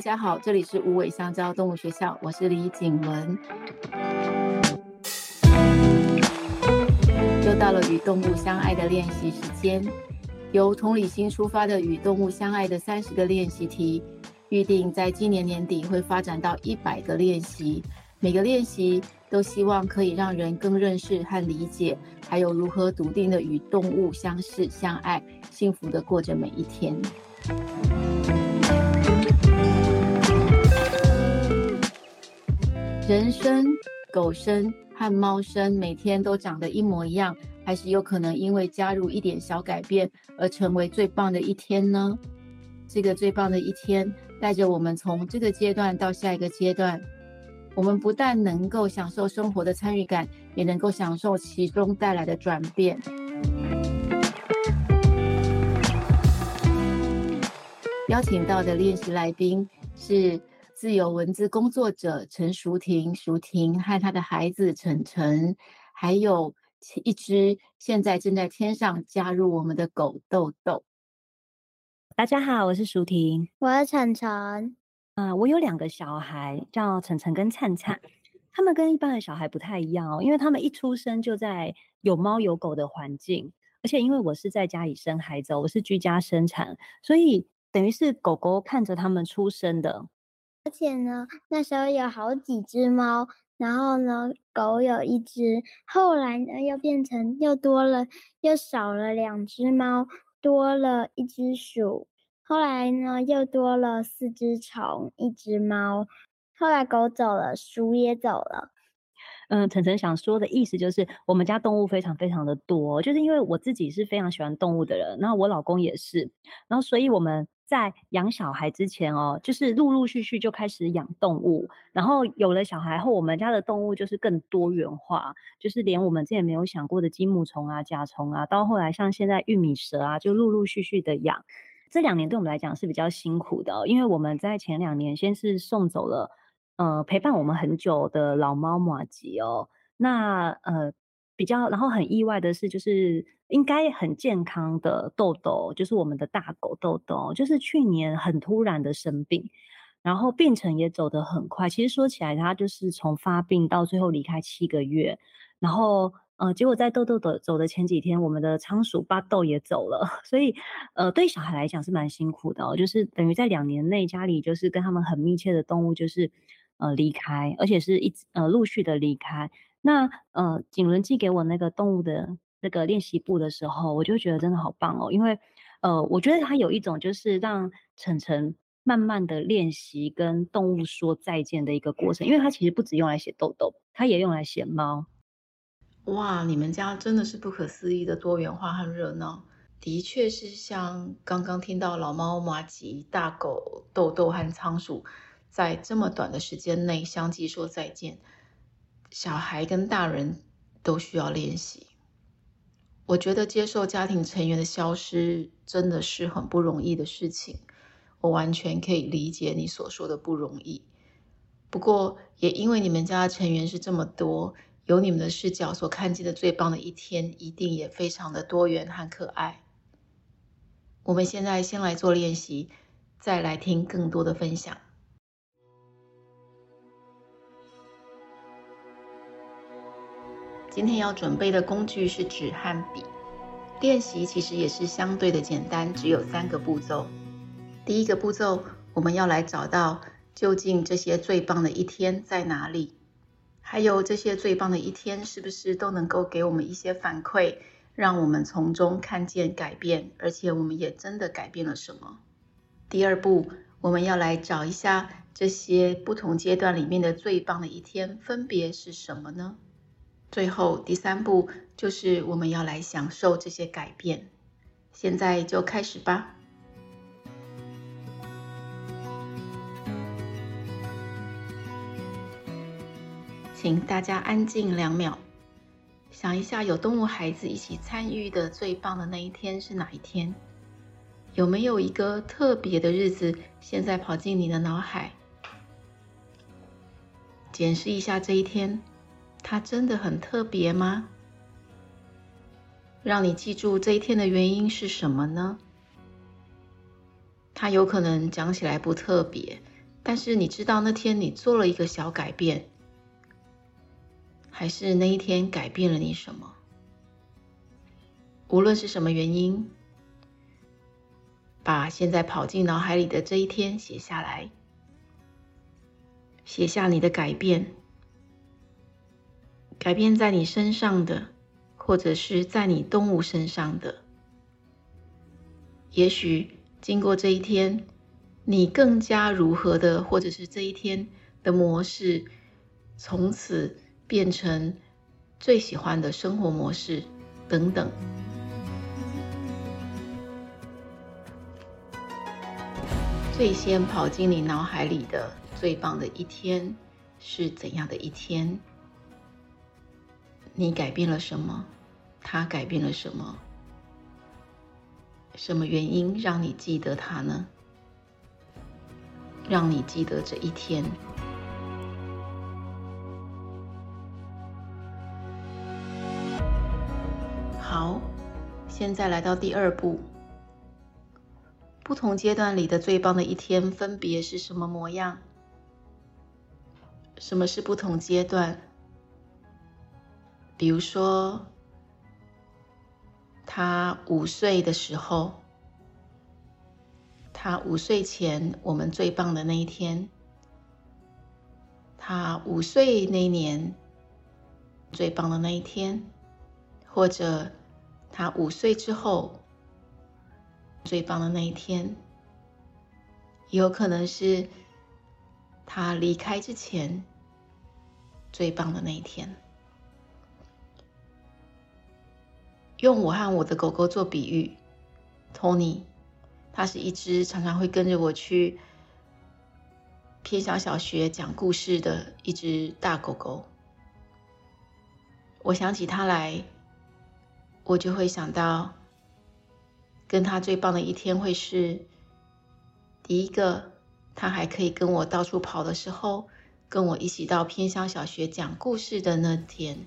大家好，這裡是無尾香蕉動物學校，我是李瑾倫。又到了與動物相愛的練習時間，由同理心出發的與動物相愛的三十個練習題，預定在今年年底會發展到一百個練習。每個練習都希望可以讓人更認識和理解，還有如何篤定的與動物相識、相愛，幸福的過着每一天。人生、狗生和貓生每天都長得一模一樣，還是有可能因為加入一點小改變而成為最棒的一天呢？這個最棒的一天帶着我們從這個階段到下一個階段，我們不但能夠享受生活的參與感，也能夠享受其中帶來的轉變。邀請到的練習來賓是。自由文字工作者陳淑婷、淑婷和她的孩子晨晨，還有一隻現在正在天上加入我們的狗豆豆。大家好，我是淑婷，我是晨晨。啊、呃，我有兩個小孩，叫晨晨跟燦燦。他們跟一般的小孩不太一樣哦，因為他們一出生就在有貓有狗的環境，而且因為我是在家裡生孩子，我是居家生產，所以等於是狗狗看着他們出生的。而且呢，那時候有好幾隻貓，然後呢，狗有一隻，後來呢又變成又多了又少了兩隻貓，多了一隻鼠，後來呢又多了四隻蟲，一隻貓，後來狗走了，鼠也走了。嗯，晨晨想說的意思就是，我們家動物非常非常的多，就是因為我自己是非常喜歡動物的人，然後我老公也是，然後所以我們在養小孩之前哦，就是陸陸續續就開始養動物，然後有了小孩後，我們家的動物就是更多元化，就是連我們之前沒有想過的雞母蟲啊、甲蟲啊，到後來像現在玉米蛇啊，就陸陸續續的養。這兩年對我們來講是比較辛苦的，因為我們在前兩年先是送走了。呃，陪伴我們很久的老貓馬吉哦，那呃比較，然後很意外的是，就是應該很健康的豆豆，就是我們的大狗豆豆，就是去年很突然的生病，然後病程也走得很快。其實說起來，它就是從發病到最後離開七個月，然後呃，結果在豆豆的走的前幾天，我們的倉鼠巴豆也走了，所以呃，對小孩來講是蠻辛苦的哦，就是等於在兩年內家裡就是跟他們很密切的動物就是。呃，離開，而且是一直呃陸續的離開。那呃，瑾倫寄給我那個動物的那個練習簿的時候，我就覺得真的好棒哦，因為呃，我覺得它有一種就是讓晨晨慢慢的練習跟動物說再見的一個過程，因為它其實不只用來寫豆豆，它也用來寫貓。哇，你們家真的是不可思議的多元化和熱鬧，的確是像剛剛聽到老貓麻吉、大狗豆豆和倉鼠。在這麼短的時間內相繼說再見，小孩跟大人都需要練習。我覺得接受家庭成員的消失真的是很不容易的事情，我完全可以理解你所說的不容易。不過也因為你們家的成員是這麼多，有你們的視角所看見的最棒的一天，一定也非常的多元和可愛。我們現在先來做練習，再來聽更多的分享。今天要準備的工具是紙和筆。練習其實也是相對的簡單，只有三個步驟。第一個步驟，我們要來找到究竟這些最棒的一天在哪裡，還有這些最棒的一天是不是都能夠給我們一些反饋，讓我們從中看見改變，而且我們也真的改變了什麼。第二步，我們要來找一下這些不同階段裡面的最棒的一天分別是什麼呢？最後第三步，就是我們要來享受這些改變。現在就開始吧！請大家安靜兩秒，想一下有動物孩子一起參與的最棒的那一天是哪一天？有沒有一個特別的日子現在跑進你的腦海？檢視一下這一天。它真的很特別嗎？讓你記住這一天的原因是什麼呢？它有可能講起來不特別，但是你知道那天你做了一個小改變，還是那一天改變了你什麼？無論是什麼原因，把現在跑進腦海裡的這一天寫下來，寫下你的改變。改變在你身上的，或者是在你動物身上的，也許經過這一天，你更加如何的，或者是這一天的模式，從此變成最喜歡的生活模式等等。最先跑進你腦海裡的最棒的一天，是怎樣的一天？你改變了什麼？他改變了什麼？什麼原因讓你記得他呢？讓你記得這一天。好，現在來到第二步。不同階段裡的最棒的一天分別是什麼模樣？什麼是不同階段？比如說，他五歲的時候，他五歲前我們最棒的那一天，他五歲那年最棒的那一天，或者他五歲之後最棒的那一天，也有可能是他離開之前最棒的那一天。用我和我的狗狗做比喻，托尼，它是一隻常常會跟着我去偏鄉小學講故事的一隻大狗狗。我想起它來，我就會想到，跟它最棒的一天會是第一個，它還可以跟我到處跑的時候，跟我一起到偏鄉小學講故事的那天。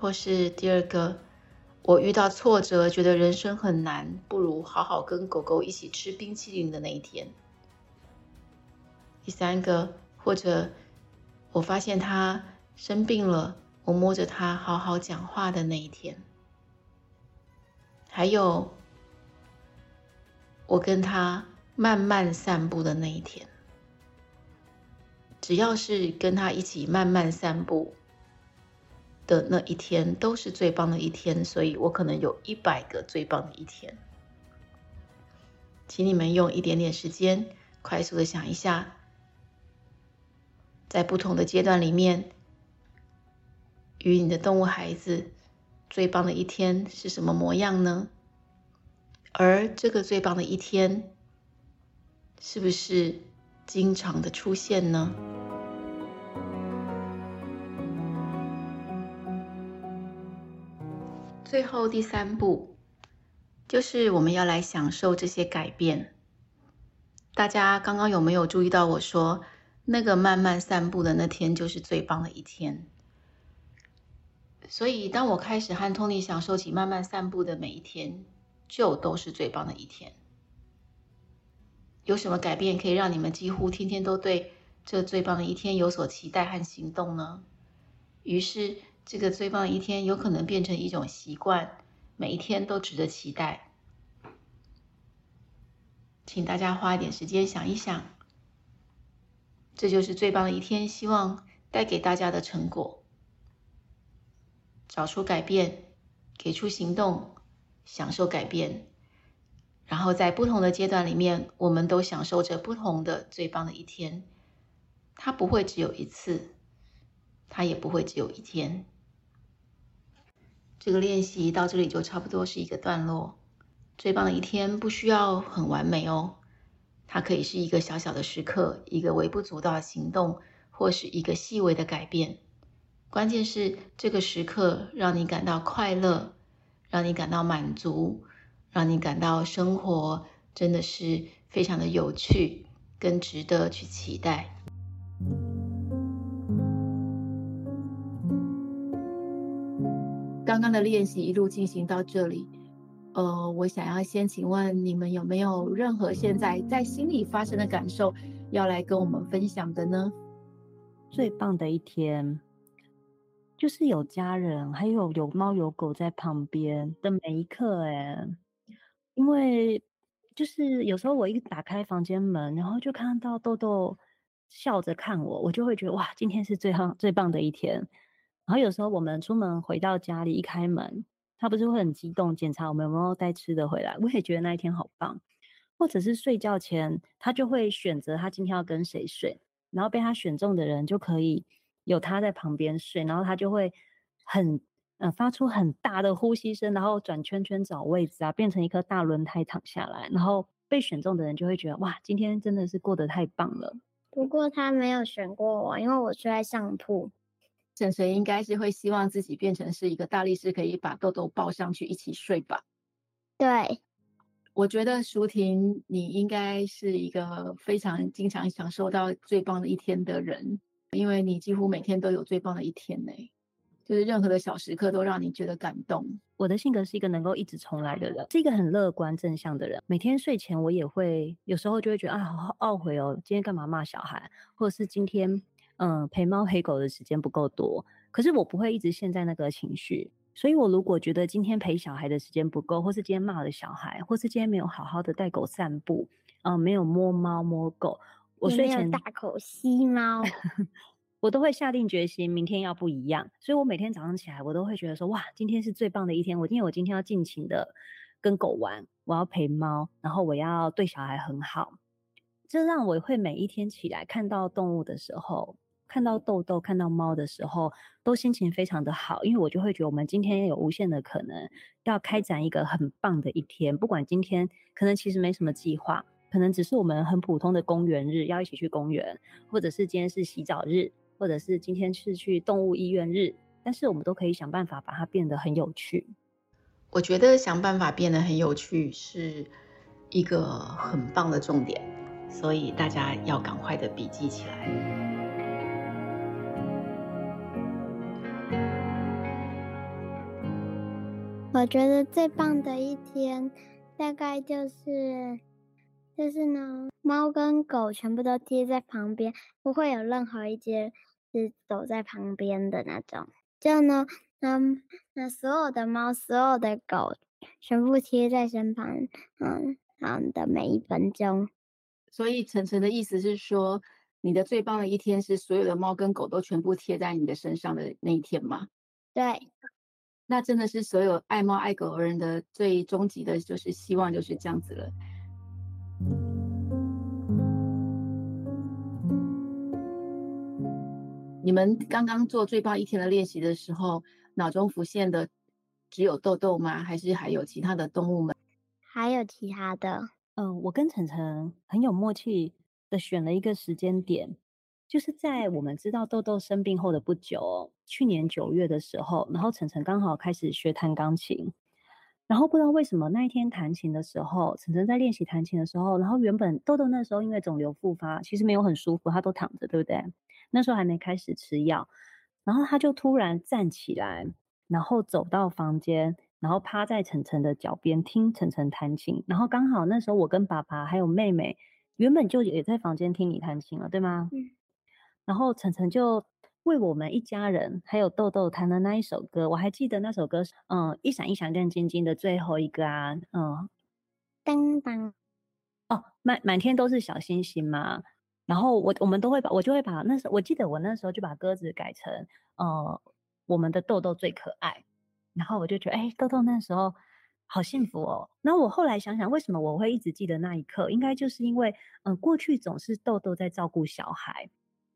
或是第二個，我遇到挫折，覺得人生很難，不如好好跟狗狗一起吃冰淇淋的那一天；第三個，或者我發現它生病了，我摸着它好好講話的那一天；還有我跟它慢慢散步的那一天。只要是跟它一起慢慢散步。的那一天都是最棒的一天，所以我可能有一百個最棒的一天。請你們用一點點時間，快速的想一下，在不同的階段裡面，與你的動物孩子最棒的一天是什麼模樣呢？而這個最棒的一天，是不是經常的出現呢？最後第三步，就是我們要來享受這些改變。大家剛剛有沒有注意到我說，那個慢慢散步的那天就是最棒的一天？所以當我開始和 Tony 享受起慢慢散步的每一天，就都是最棒的一天。有什麼改變可以讓你們幾乎天天都對這最棒的一天有所期待和行動呢？於是。這個最棒的一天有可能變成一種習慣，每一天都值得期待。請大家花一點時間想一想。這就是最棒的一天，希望帶給大家的成果。找出改變，給出行動，享受改變。然後在不同的階段裡面，我們都享受着不同的最棒的一天。它不會只有一次，它也不會只有一天。這個練習到這裡就差不多是一個段落。最棒的一天不需要很完美哦，它可以是一個小小的時刻，一個微不足道的行動，或是一個細微的改變。關鍵是這個時刻讓你感到快樂，讓你感到滿足，讓你感到生活真的是非常的有趣，跟值得去期待。剛剛的練習一路進行到這裡，呃，我想要先請問你們有沒有任何現在在心裡發生的感受要來跟我們分享的呢？最棒的一天，就是有家人，還有有貓有狗在旁邊的每一刻，哎，因為就是有時候我一打開房間門，然後就看到豆豆笑着看我，我就會覺得哇，今天是最棒最棒的一天。然後有時候我們出門回到家裡一開門，他不是會很激動，檢查我們有沒有帶吃的回來。我也覺得那一天好棒。或者是睡覺前，他就會選擇他今天要跟誰睡，然後被他選中的人就可以有他在旁邊睡，然後他就會很呃發出很大的呼吸聲，然後轉圈圈找位置啊，變成一顆大輪胎躺下來。然後被選中的人就會覺得哇，今天真的是過得太棒了。不過他沒有選過我，因為我睡在上鋪。嬸嬸應該是會希望自己變成是一個大力士，可以把豆豆抱上去一起睡吧。對，我覺得淑婷，你應該是一個非常經常享受到最棒的一天的人，因為你幾乎每天都有最棒的一天呢、欸，就是任何的小時刻都讓你覺得感動。我的性格是一個能夠一直重來的人，是一個很樂觀正向的人。每天睡前我也會有時候就會覺得啊，好懊悔哦，今天幹嘛罵小孩，或者是今天。嗯，陪貓、陪狗的時間不夠多，可是我不會一直陷在那個情緒。所以，我如果覺得今天陪小孩的時間不夠，或是今天罵了小孩，或是今天沒有好好的帶狗散步，嗯，沒有摸貓摸狗，我睡前大口吸貓， 我都會下定決心，明天要不一樣。所以，我每天早上起來，我都會覺得說，哇，今天是最棒的一天。我今天，我今天要盡情的跟狗玩，我要陪貓，然後我要對小孩很好。這讓我會每一天起來看到動物的時候，看到豆豆，看到貓的時候，都心情非常的好，因為我就會覺得我們今天也有無限的可能，要開展一個很棒的一天。不管今天可能其實沒什麼計劃，可能只是我們很普通的公園日，要一起去公園，或者是今天是洗澡日，或者是今天是去動物醫院日，但是我們都可以想辦法把它變得很有趣。我覺得想辦法變得很有趣是一個很棒的重點，所以大家要趕快的筆記起來。我覺得最棒的一天，大概就是，就是呢，貓跟狗全部都貼在旁邊，不會有任何一只是走在旁邊的那種。就呢，那、嗯、那、嗯、所有的貓，所有的狗，全部貼在身旁，嗯，嗯的每一分鐘。所以晨晨的意思是說，你的最棒的一天是所有的貓跟狗都全部貼在你的身上的那一天嗎？對。那真的是所有愛貓愛狗人的最終極的，就是希望就是這樣子了。你們剛剛做最棒一天的練習的時候，腦中浮現的只有豆豆嗎？還是還有其他的動物們？還有其他的。嗯、呃，我跟晨晨很有默契的選了一個時間點。就是在我們知道豆豆生病後的不久，去年九月的時候，然後晨晨剛好開始學彈鋼琴，然後不知道為什麼那一天彈琴的時候，晨晨在練習彈琴的時候，然後原本豆豆那時候因為腫瘤復發，其實沒有很舒服，他都躺着，對不對？那時候還沒開始吃藥，然後他就突然站起來，然後走到房間，然後趴在晨晨的腳邊聽晨晨彈琴，然後剛好那時候我跟爸爸還有妹妹，原本就也在房間聽你彈琴了，對嗎？嗯然後晨晨就為我們一家人還有豆豆彈的那一首歌，我還記得那首歌，嗯，一閃一閃亮晶晶的最後一個啊，嗯，噔噔，哦，滿滿天都是小星星嘛。然後我我們都會把，我就會把那時我記得我那時候就把歌詞改成，呃，我們的豆豆最可愛。然後我就覺得，哎，豆豆那時候好幸福哦。那我後來想想，為什麼我會一直記得那一刻？應該就是因為，嗯、呃，過去總是豆豆在照顧小孩。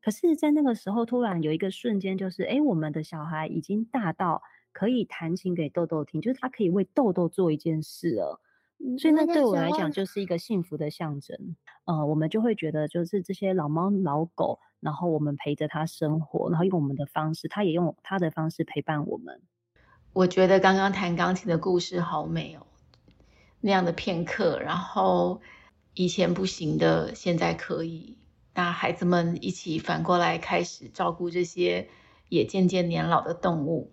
可是，在那個時候，突然有一個瞬間，就是，哎、欸，我們的小孩已經大到可以彈琴給豆豆聽，就是他可以為豆豆做一件事了。所以，那對我來講，就是一個幸福的象徵。呃、嗯，我們就會覺得，就是這些老貓老狗，然後我們陪着他生活，然後用我們的方式，他也用他的方式陪伴我們。我覺得剛剛彈鋼琴的故事好美哦，那樣的片刻。然後以前不行的，現在可以。那孩子們一起反過來開始照顧這些也漸漸年老的動物。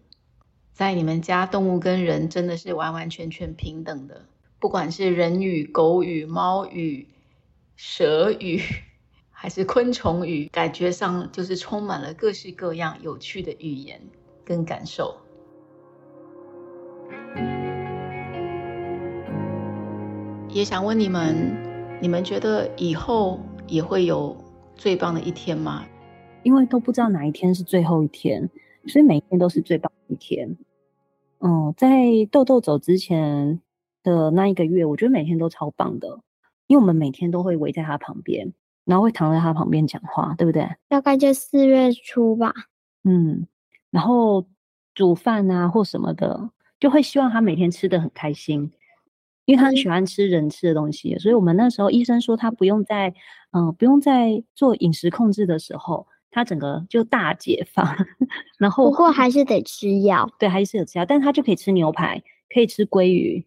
在你們家動物跟人真的是完完全全平等的，不管是人語、狗語、貓語、蛇語，還是昆蟲語，感覺上就是充滿了各式各樣有趣的語言跟感受。也想問你們，你們覺得以後也會有最棒的一天嗎？因為都不知道哪一天是最後一天，所以每天都是最棒的一天。嗯，在豆豆走之前的那一個月，我覺得每天都超棒的，因為我們每天都會圍在他旁邊，然後會躺在他旁邊講話，對不對？大概就四月初吧。嗯，然後煮飯啊或什麼的，就會希望他每天吃得很開心。因為他很喜歡吃人吃的東西，所以我們那時候醫生說他不用再嗯、呃，不用再做飲食控制的時候，他整個就大解放。然後不過還是得吃藥，對，還是有吃藥，但他就可以吃牛排，可以吃鮭魚，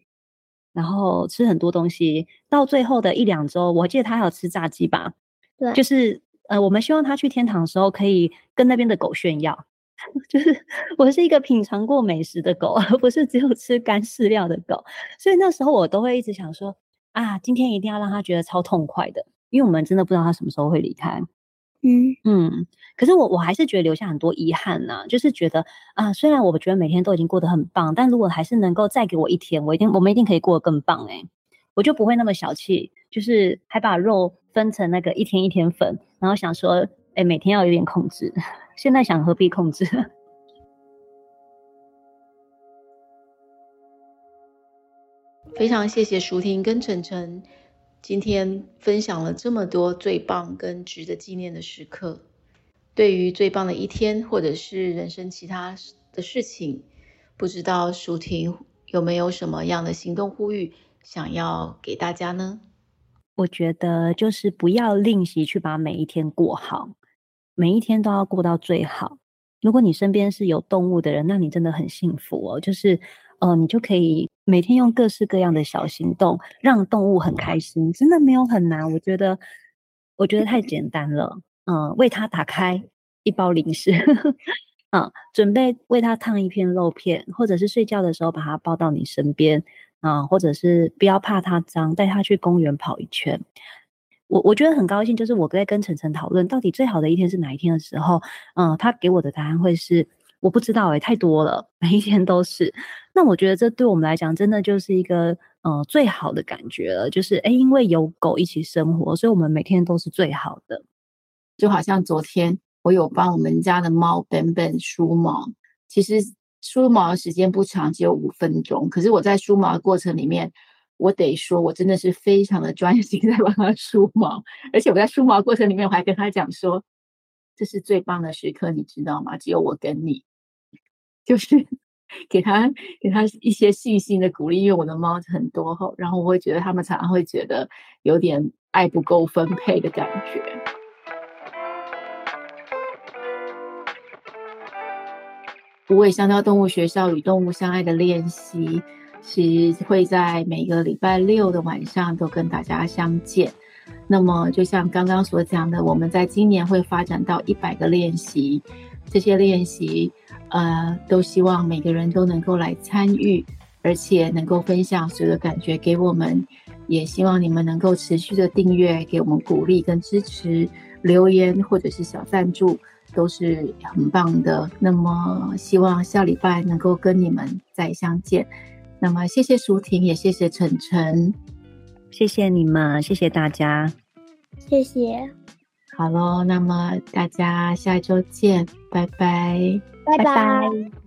然後吃很多東西。到最後的一兩週，我記得他還有吃炸雞吧，對，就是呃，我們希望他去天堂的時候可以跟那邊的狗炫耀。就是我是一個品嘗過美食的狗，而不是只有吃乾飼料的狗，所以那時候我都會一直想說啊，今天一定要讓他覺得超痛快的，因為我們真的不知道他什麼時候會離開。嗯嗯，可是我我還是覺得留下很多遺憾吶、啊，就是覺得啊，雖然我覺得每天都已經過得很棒，但如果還是能夠再給我一天，我一定我們一定可以過得更棒哎、欸，我就不會那麼小氣，就是還把肉分成那個一天一天分，然後想說。哎，每天要有點控制。現在想何必控制？非常謝謝舒婷跟晨晨今天分享了這麼多最棒跟值得紀念的時刻。對於最棒的一天，或者是人生其他的事情，不知道舒婷有沒有什麼樣的行動呼籲想要給大家呢？我覺得就是不要吝惜去把每一天過好。每一天都要過到最好。如果你身邊是有動物的人，那你真的很幸福哦。就是，呃，你就可以每天用各式各樣的小行動，讓動物很開心。真的沒有很難，我覺得，我覺得太簡單了。嗯、呃，為他打開一包零食，嗯、 呃，準備為他燙一片肉片，或者是睡覺的時候把他抱到你身邊，嗯、呃，或者是不要怕他髒，帶他去公園跑一圈。我我覺得很高興，就是我在跟晨晨討論到底最好的一天是哪一天的時候，嗯、呃，他給我的答案會是我不知道哎、欸，太多了，每一天都是。那我覺得這對我們來講，真的就是一個嗯、呃，最好的感覺了，就是哎，因為有狗一起生活，所以我們每天都是最好的。就好像昨天我有幫我們家的貓本本梳毛，其實梳毛的時間不長，只有五分鐘，可是我在梳毛的過程裡面，我得說，我真的是非常的專心在幫他梳毛，而且我在梳毛過程裡面，我還跟他講說：“這是最棒的時刻，你知道嗎？只有我跟你，就是給他給它一些信心的鼓勵。”因為我的貓很多，然後我會覺得他們常常會覺得有點愛不夠分配的感覺。無尾香蕉動物學校與動物相愛的練習。其實會在每個禮拜六的晚上都跟大家相見。那麼，就像剛剛所講的，我們在今年會發展到一百個練習，這些練習，呃，都希望每個人都能夠來參與，而且能夠分享所有的感覺給我們。也希望你們能夠持續的訂閱，給我們鼓勵跟支持，留言或者是小贊助都是很棒的。那麼，希望下禮拜能夠跟你們再相見。那麼，謝謝舒婷，也謝謝晨晨，謝謝你們，謝謝大家，謝謝。好嘍，那麼大家下一周見，拜拜，拜拜。拜拜。